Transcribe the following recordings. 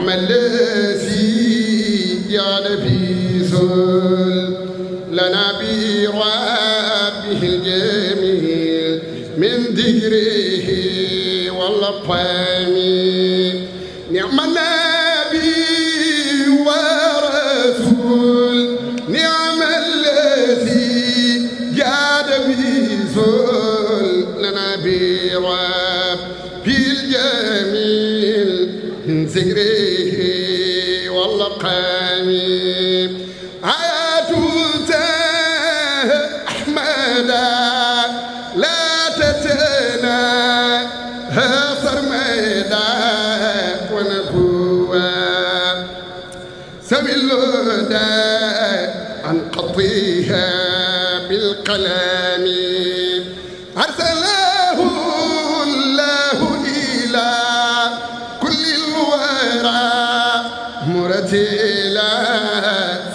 نعم الذي جعل في سل لنا بربه الجميل من ذكره واللطام نعم النبي ورسول نعم الذي جعل في سل لنا بربه ذكري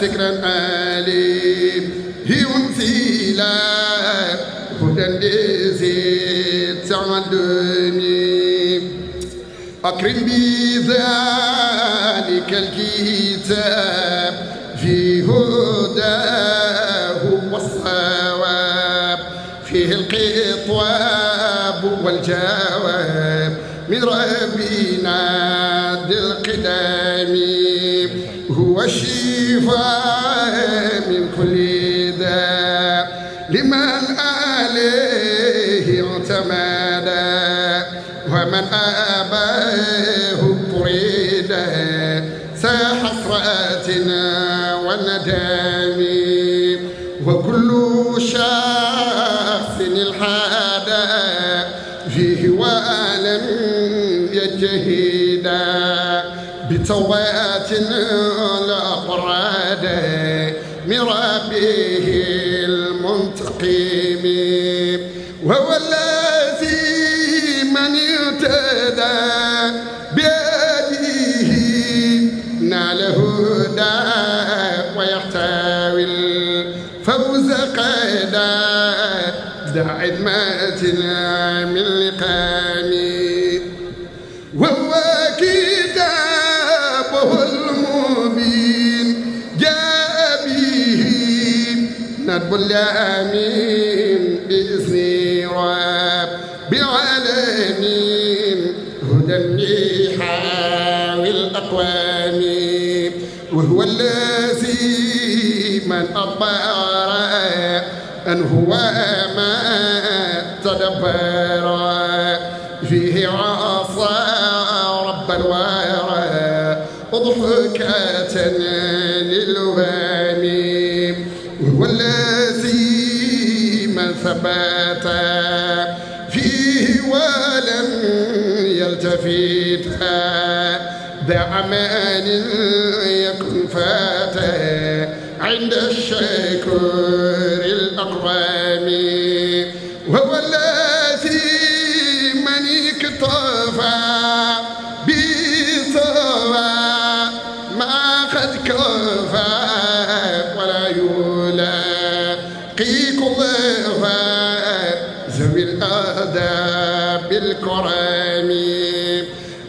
ذكرا عليم هي انزيلا هدى لزيد تعلمي أكرم بذلك الكتاب في هداه والصواب فيه القطواب والجواب من ربنا ذي القدام هو الشفاء من كل داء لمن عليه اعتمد ومن أباه بريد سحسرتنا والندم وكل شخص الحادى فيه وألم يجهد بتوباتنا هدى من ربه المنتقم وهو الذي من اهتدى بهديه نال هدى ويحتوي الفوز قدا ذا عدمة من لامين باسمي وبعلامين هدى حاول اقوامي وهو الذي من أبار أن هو ما تدبر فيه عصى رب الورى أضحكة للغامي وهو الذي ثباتا فيه ولن يلتفتا دع مان يكن فاتا عند الشكر الأقوام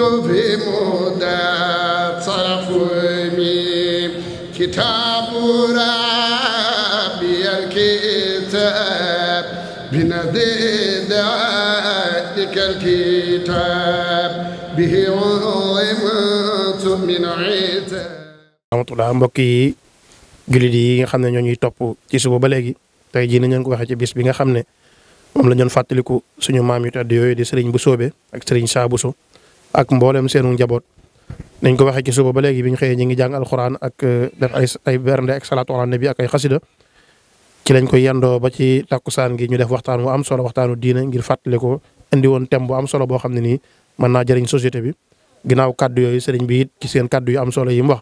تفهم ذات صرفني كتاب ربي الكتاب بنذير ذلك الكتاب به علمت من عتاب rahmatullah mbokk yi jullit yi nga xam ne ñoo ñuy topp ci suba ba léegi te jii nañ leen ko waxe ci bis bi nga xam ne moom la ñu doon fàttaliku suñu maam yu tedd yooyu di sëriñ bu soobe ak sëriñ saabu so ak mboolem seenu njaboot. dañ ko waxee ci suba ba léegi bi ñu xëyee ñu ngi jàng alxuraan ak euh, def ay ay bernde ak salaatu ala nabi ak ay xasida ci lañ koy yendoo ba ci takkusaan gi ñu def waxtaan wu am solo waxtaanu diine ngir fàttali ko indi woon thème bu am solo boo xam ne nii mën naa jëriñ société bi ginnaaw kaddu yooyu sëriñ bi it ci seen kaddu yu am solo yi mu wax.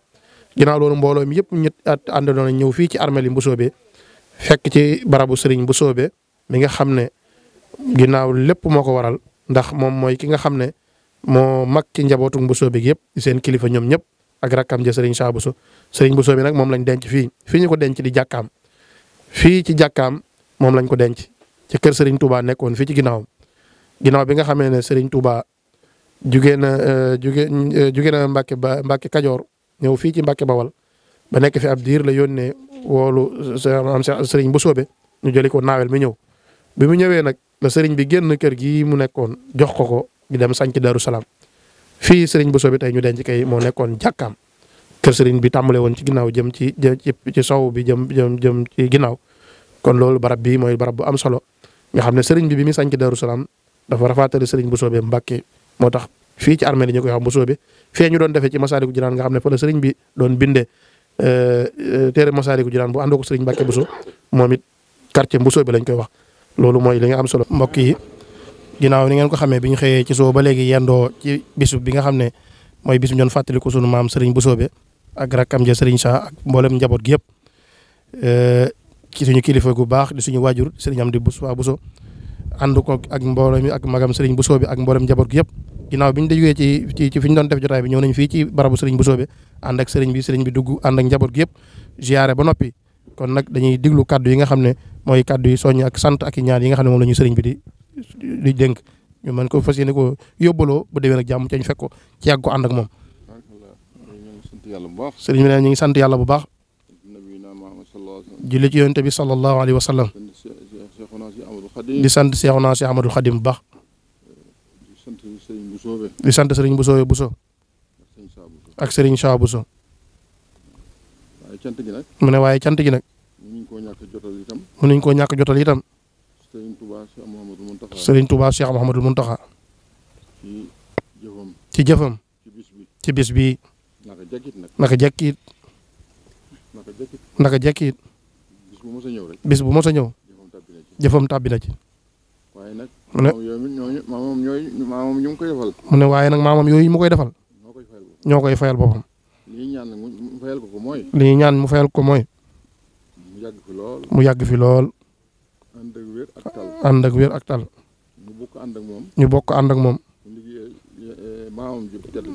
ginnaaw loolu mbooloo mi yëpp ñett àndandoo nañ ñëw fii ci armée li Mbusoobe fekk ci barabu sëriñ Mbusoobe mi nga xam ne ginnaaw lépp moo ko waral ndax moom mooy ki nga xam ne moo mag ci njabootu Mboussobé gi yëpp di seen kilifa ñoom ñëpp ak rakkam ja Serigne Cheikh so sëriñ Bousso bi nag moom lañ denc fii fii ñu ko denc di jàkkaam fii ci jàkkaam moom lañ ko denc ci kër Serigne Touba nekkoon fii ci ginnaawam ginnaaw bi nga xamee ne Serigne Touba jugee na euh, jugee euh, jugee na Mbacke ba Mbacke Kajoor ñëw fii ci Mbacke Bawal ba nekk fi ab diir la yónnee woolu sëriñ bu Mboussobé ñu jëli ko naawel mi ñëw bi mu ñëwee nag la Serigne bi génn kër gi mu nekkoon jox ko ko. ñu dem sanc Darou Salaam fii sëriñ Bousso bi tey ñu denc kay moo nekkoon jàkkaam kër sëriñ bi tàmbale woon ci ginnaaw jëm ci ci sow bi jëm jëm jëm ci ginnaaw kon loolu barab bi mooy barab bu am solo nga xam ne sëriñ bi bi muy sanc Darou Salaam dafa rafaatale sëriñ Bousso bi Mbàkke moo tax fii ci armée li ñu koy am Bousso bi fee ñu doon defee ci Masaalikul Jinaan nga xam ne fa la sëriñ bi doon bindee euh, euh, téere Masaalikul Jinaan bu àndoo ko mbakkee Mbàkke Bousso moom it quartier Bousso bi lañ koy wax loolu mooy li am solo mbokk yi ginnaaw ni ngeen ko xamee bi ñu xëyee ci soo ba léegi yendoo ci bisu bi nga xam ne mooy bis bi doon fàttali ko sunu maam Serigne Boussobé ak rakkam ja Serigne Sa ak mboolem njaboot gi yëpp eh, ci suñu kilifa gu baax di suñu waajur Serigne Amdi Bousso Bousso ànd ko ak mboolem mi ak magam Serigne Boussobé ak mboolem njaboot gi yëpp ginnaaw bi ñu dajee ci ci fi doon def jotaay bi ñëw nañ fii ci barabu Serigne Boussobé ànd ak Serigne bi Serigne bi dugg ànd ak njaboot gi yëpp ziyaare ba noppi kon nag dañuy diglu kaddu yi nga xam ne mooy kaddu yi soññ ak sant ak i yi nga xam ne moom la ñu Serigne bi di di dénk ñu mën ko fas yéene ko yóbbaloo bu déwén ak jàmm cañ fekk ko ci yàgg ko ànd ak moom. sëriñ bi nee ñu ngi sant yàlla bu baax. julli ci yonent bi sallallahu alayhi wa sallam. di sant Seexuna Si Ahmadul Xadim bu baax. di sant sëriñ bu soobee Buso. ak sëriñ Saa Buso. mu ne waaye cant gi nag. mënuñ koo ñàkk jotal itam. mënuñ koo ñàkk jotal itam. sëriñ Touba Cheikh Mouhamadul Mountakha ci jëfam ci bis bi naka jekkiit naka jekkiit bis bu mos a ñëw jëfam tàbbi na ci. mu ne mu ne waaye nag maamam yooyu mu koy defal ñoo koy fayal boppam. li ñuy ñaan mu fayal ko mooy mu yàgg fi lool. ànd ak wér ak tal. ñu bokk ànd moom. ñu bokk ànd ak moom. Eh,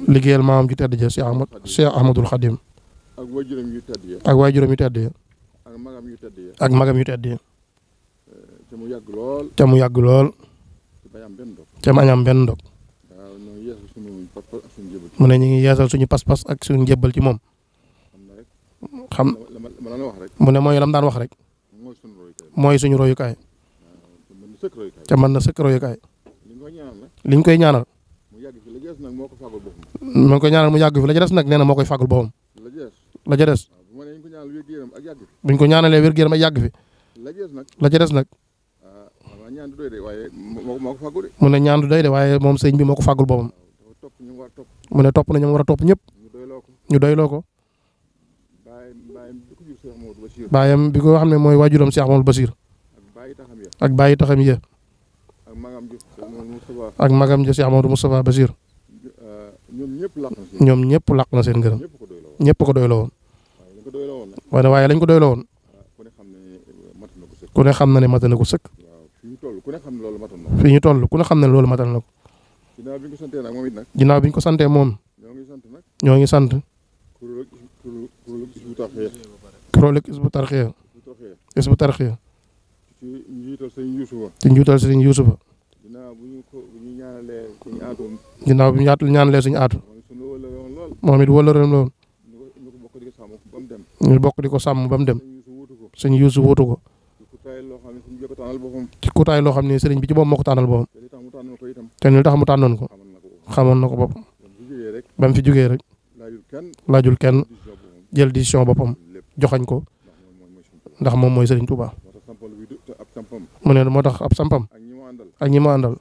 liggéeyal maamam ju tedd ja Cheikh Ahmad Cheikh Ahmadul Khadim. ak waajuram yu tedd ya. ak waajuram yu tedd ya. ak magam yu tedd ya. ak magam yu tedd eh, mu yàgg lool. te mu yàgg lool. te mu añam benn dog. mu ne ñu ngi yeesal suñu pas-pas ak suñu njëbbal ci moom. xam mu ne mooy lam daan wax rek. mooy suñu royukaay. te mën na sëkk royukaay liñ koy ñaanal mu ngi koy ñaanal mu yàgg fi la ca des nag nee na moo koy fàggul boppam la ca des buñ ko ñaanalee wér gu yaram ak yàgg fi la ca des nag ah, mu ne ñaan du doy de waaye moom sëñ bi moo ko fàggul boppam mu ne topp na ñu war a topp ñëpp ñu doyloo ko baayam bi ko xam ne mooy waajuram Cheikh Amadou Basir ak bàyyi taxam ya ak magam ja si Amadou Moustapha Basir eh, ñoom ñëpp làq na seen ngërëm ñëpp ko doy la woon waaye waaye lañ ko doy la woon ku ne xam na ne matal na ko sëkk fii ñu toll ku ne xam na ne loolu matal na ko ginnaaw bi ñu ko santee moom ñoo ngi sant kuréel ak isbu tarxiya kuréel ci njiital sëriñ Yuusufa. ci njiital sëriñ Yuusufa. ginnaaw bu ñu ko bu ñu ñaanalee suñu aatu. ginnaaw bu ñu ñaanalee suñu aatu. moom it wala ren lool. ñu bokk di ko sàmm ba mu bokk ko sàmm ba mu dem. sëñ Yuusufa wuutu ko. ci kutaay loo xam ne sëriñ bi ci moom moo ko tànnal boppam. te li tax mu tànnoon ko. xamoon na ko boppam. ba mu fi jugee rek. laajul kenn jël décision boppam joxañ ko ndax moom mooy sëriñ Touba. mu ne moo tax ab sampam a ñi ma àndal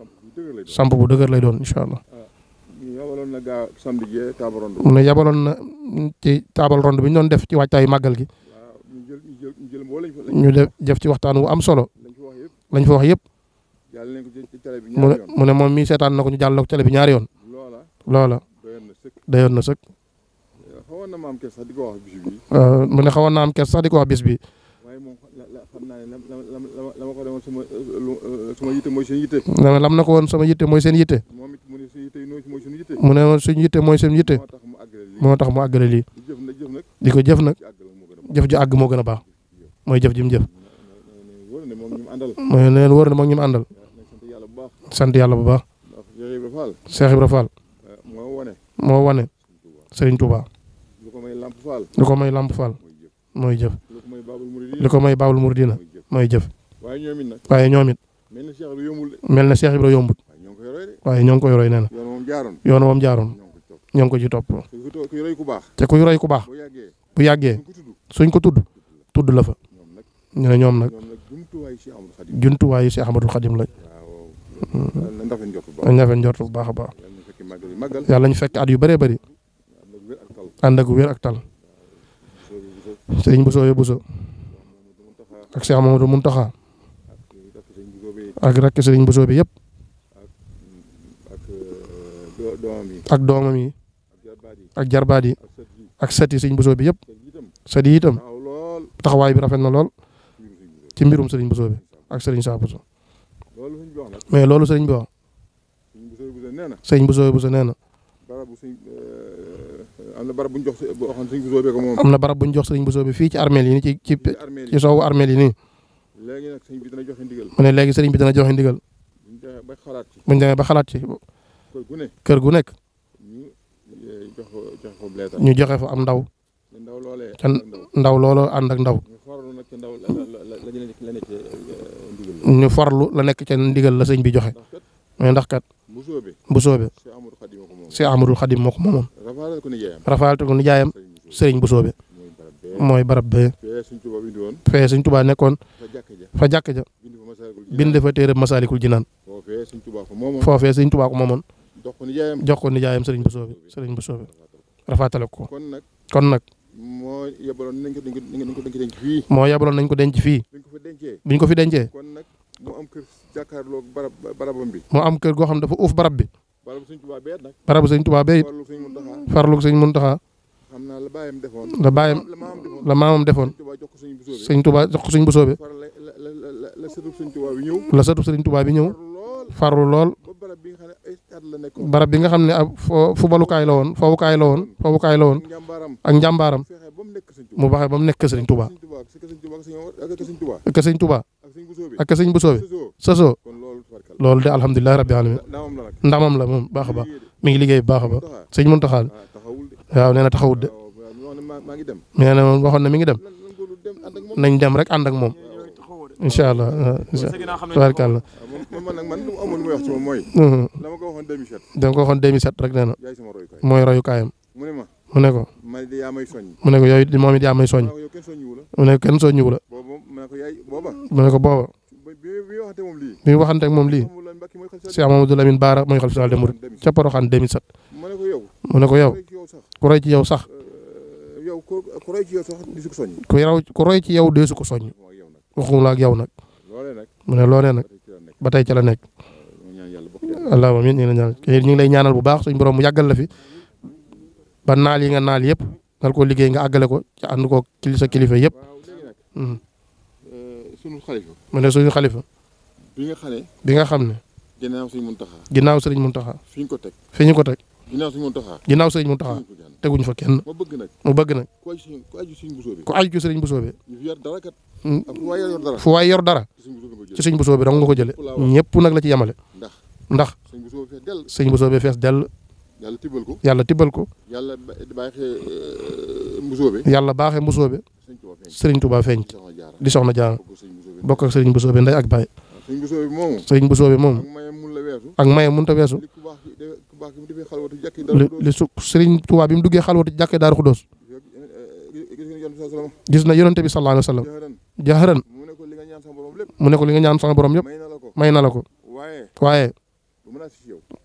samp bu dëgër lay doon incha allah. Ah, mu ne yabaloon na ci taabal rond bi ñu doon def ci waajtaayu màggal gi ñu def jëf ci waxtaan wu am solo lañ fa wax yëpp mu ne moom mi seetaan na ko ñu jàll ko bi ñaari yoon loola dayoon na sëkk. mu ne xawoon na am kes sax di ko wax bis bi. Euh, xam naa ne lam la ma ko doon sama euh, sama yitte mooy seen yitte. na ko woon sama yitte mooy seen yitte. moom it mu ne suñu yitte mooy suñu yitte. mu ne woon suñu yitte mooy seen yitte. moo tax mu àggale lii. di ko jëf nag. jëf ju àgg moo gën a baax. mooy jëf ji mu jëf. mooy leen wóor ne moom ñu mu àndal. sant yàlla bu baax. Cheikh Ibra Fall. Eh, moo wane. moo wane. Serigne Touba. lu ko may Lamp Fall. lu ko may Lamp Fall. mooy jëf li ko mooy baabul muridina mooy jëf waaye ñoom it mel na Cheikh Ibra yombut waaye ñoo ngi koy roy nee na yoon moom jaaroon ñoo ngi ko ci topp te kuy roy ku baax bu yàggee suñ ko tudd tudd la fa ñu ne ñoom nag jumtuwaayu Cheikh Ahmadou Khadim la dañ rafet njort bu baax a baax yàlla ñu fekk at yu bëree bëri ànd ak wér ak tal sëriñ Bousso ya Bousso ak Cheikh Mamadou Mountakha ak rakk sëriñ Bousso bi yëpp ak doomam yi ak jarbaat yi ak sët yi sëriñ Bousso bi yëpp sët yi itam taxawaay bi rafet na lool ci mbirum sëriñ Bousso bi ak sëriñ Saa Bousso mais loolu sëriñ bi wax sëriñ Bousso bi Bousso nee Euh, am na barab bu ñu jox boo am na barab bu ñu jox sëñ Bousso bi fii ci armeel yi nii ci ci ci soowu armeel yi nii. léegi nag sëñ bi mu ne léegi sëriñ bi dana joxe ndigal. bu ñu ba xalaat ci. bu ba xalaat ci. kër gu nekk kër gu nekk. ñu eh, jox ko joxe ñu joxe fa am ndaw. ndaw loolee ca ndaw looloo ànd ak ndaw. ñu farlu ndaw la la la la nekk eh, ndigal la. ñu ca ndigal la sëñ bi joxe. mais ndax kat. Bousso si Amadou Khadim moo ko moomoon. rafaal ko nijaayam sëriñ bu soobe mooy barab bee fee suñ tubaa nekkoon fa jàkk ja bind fa téere masaalikul jinaan foofee suñ tubaa ko moomoon jox ko nijaayam sëriñ bu soobe sëriñ bu soobe rafaatale ko kon nag moo yabaloon nañ ko denc fii moo yabaloon nañ ko denc fii biñ ko fi dencee kon nag mu am kër jàkkaarloo bi mu am kër goo xam dafa uuf barab bi barabu sëñ Tuubaa bee nag. barabu sëñ Tuubaa bee it. farlu sëñ Muntaxa. xam naa la baayam la baayam la maamam defoon. sëñ Tuubaa jox ko sëñ bu soobe. la sëtub sëñ Tuubaa bi ñëw. la sëtub sëñ Tuubaa bi ñëw. farlu lool. barab bi nga xam ne ab fubalukaay la woon fawukaay la woon fawukaay la woon ak njàmbaaram mu baxee ba mu nekk sëñ Tuubaa. ak sëñ Tuubaa. ak sëñ bu soobe. sësoo. loolu de alhamdulilah rabbi alamin ndamam la moom baax a baax mi ngi liggéey bu baax a baax sëñ Muntaxa ah, waaw nee na taxawut de nee na moom waxoon na mi ngi dem nañ dem rek ànd ak moom incha allah ah, tabarakallah dama ah, mm-hmm. ko waxoon 2007 rek nee na mooy royukaayam mu ne ko mu ne ko yooyu moom it yaa may soññ mu ne ko kenn soññuwu la mu ne ko booba bi ñu waxante ak moom lii Cheikh Mamadou Lamine Baara mooy xalifa général des mourides mu ne ko yow ku roy ci yow sax ku raw ku roy ci yow deesu ko soññ waxuma la ak yow nag mu ne loolee nag ba tey ca la nekk allahumma amiin ñu ngi ñaanal ñu ngi lay ñaanal bu baax suñu borom mu yàggal la fi ba naal yi nga naal yëpp nal ko liggéey nga àggale ko ca ànd ko kili sa kilifa yëpp mu mm. euh, ne suñu xalifa bi nga xam ne. bi nga xam ne. ginnaaw sëriñ Muntaxa. ginnaaw sëriñ Muntaxa. fi ñu ko teg fi ko teg. ginnaaw sëriñ Muntaxa. ginnaaw sëriñ Muntaxa teguñ fa kenn. mu bëgg nag mu bëgg nag. ku aju ci sëriñ Bousso bi. ku aju ci sëriñ Bousso bi. fu yor dara kat. Mm. waay yor dara. fu waay yor dara. ci sëriñ Bousso bi dong nga ko jëlee. ñëpp nag la ci yemale. ndax ndax. sëriñ Bousso bi fees dell. yàlla tibbal ko yàlla tibbal ko. yàlla baaxee euh, Bousso bi. yàlla baaxee Bousso bi. sëriñ Touba feeñ di soxna jaara bokk ak sëriñ Bousso bi ndey ak baay sëñ bu soobee moomu sëñ bu soobee moomu ak maye mënut a weesu li li su sëriñ Tuubaa bi mu duggee xalwatu jàkkee Daaru Xudoos gis na yonente bi sallallahu alayhi wa sallam jaxaran mu ne ko li nga ñaan sama borom yëpp may na la ko waaye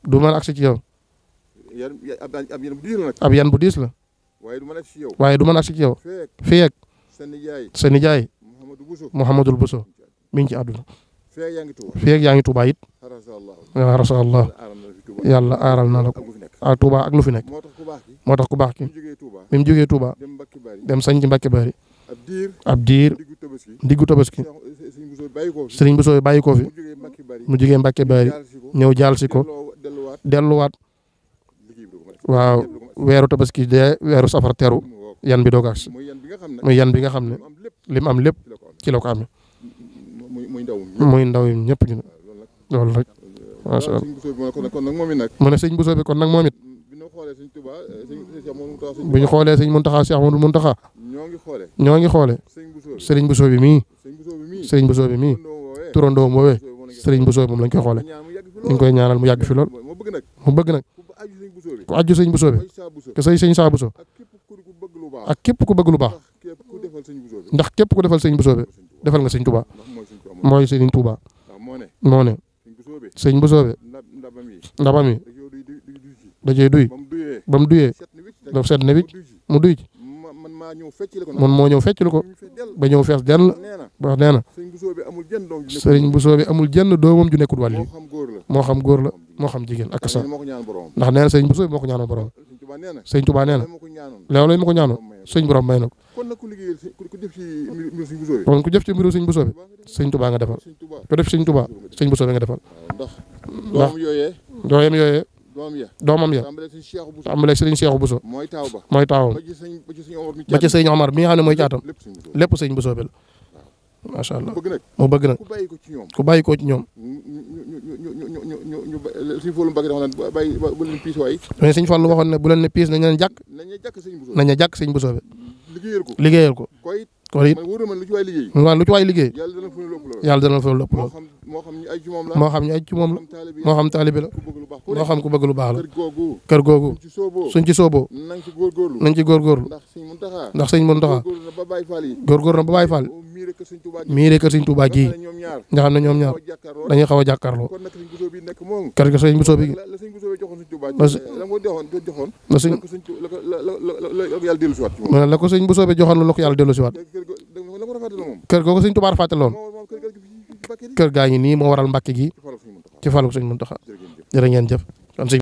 du mën a agsi ci yow ab yan bu diis la waaye du man a agsi ci yow fii ak sa nijaay Mouhamadul Bousso mi ngi ci àdduna feeg yaa ngi Touba it yaa rasulallah yàlla aaral na la ko ah Touba ak lu fi nekk moo tax ku baax ki bi mu jógee Touba dem sañ ci Mbàkke Bari ab diir diggu tabaski eh, sëriñ bu sooy bàyyi ko fi mu jógee Mbàkke Bari ñëw jaal si ko delluwaat waaw weeru tabaski dee weeru safar teru yan bi doog a muy yan bi nga xam ne li mu am lépp ci la ko amee muy ndaw muy ndaw yi ñëpp ñu loolu rek macha allah kon nag moom it nag mu ne sëñ bu soobee kon nag moom it bu ñu xoolee sëñ Muntaxa Cheikh Amadou Muntaxa ñoo ngi xoolee sëriñ bu mii sëriñ bu soobee mii turandoo boobee sëriñ bu soobee moom lañ koy xoolee ñu ngi koy ñaanal mu yàgg fi lool mu bëgg nag ku aju sëñ bu soobee te say ak képp ku bëgg lu baax ndax képp ku defal sëñ bu soobee defal nga sëñ Tuubaa mooy Serigne Touba moo ne sëñ bu soobee ndaba mi da cee duy ba mu duyee daf seet ne wicc mu duy ci man moo ñëw fecc lu ko ba ñëw fees dell ba nee na sëriñ bu soobee amul jenn doomam ju nekkul wàll yi moo xam góor la moo xam jigéen ak sa ndax nee na sëriñ bu soobee moo ko ñaana borom sëñ Tuubaa nee na loolu lañ ma ko ñaanoon suñ borom may na ko kon ku jëf ci mbiru sëñ bu soobee sëñ Tuubaa nga defal ko def sëñ Tuubaa sëñ bu soobee nga defal ndax doom yooyee doom yooyee doomam ya tàmbalee sëriñ Seexu Buso mooy taawam ba ci sëñ Omar mi nga xam ne mooy caatam lépp sëñ bu soobee la macha allah mu bëgg nag ku bàyyi ko ci ñoom ku bàyyi ko ci ñoom. ñu ñu piis ne bu leen ne piis nañ leen jàkk. nañ ko liggéeyal ko. kon it man wóor na man lu ci waay liggéey. waaw lu dana fa lépp lool yàlla lool. moo xam ñu ay ci la moo xam ñu la moo xam taalibi la moo xam ku bëgg lu baax la. kër googu suñ ci sooboo nañ ci góorgóorlu nañ ci góorgóorlu ndax sëñ Muntaxa góorgóorlu na ba Baay Faal miiree kër sëñ Touba gii nga ne ñoom ñaar dañuy xaw a jàkkaarloo kër ga sëñ Bousso bi la sëñ mu ne la ko sëñ Bousso bi joxoon la ko yàlla dellu si waat kër googu sëñ Touba fàttaloon kër gaa ngi nii moo waral mbàkk gi ci faluk sëñ Mountakha jërë ngeen jëf kon sëñ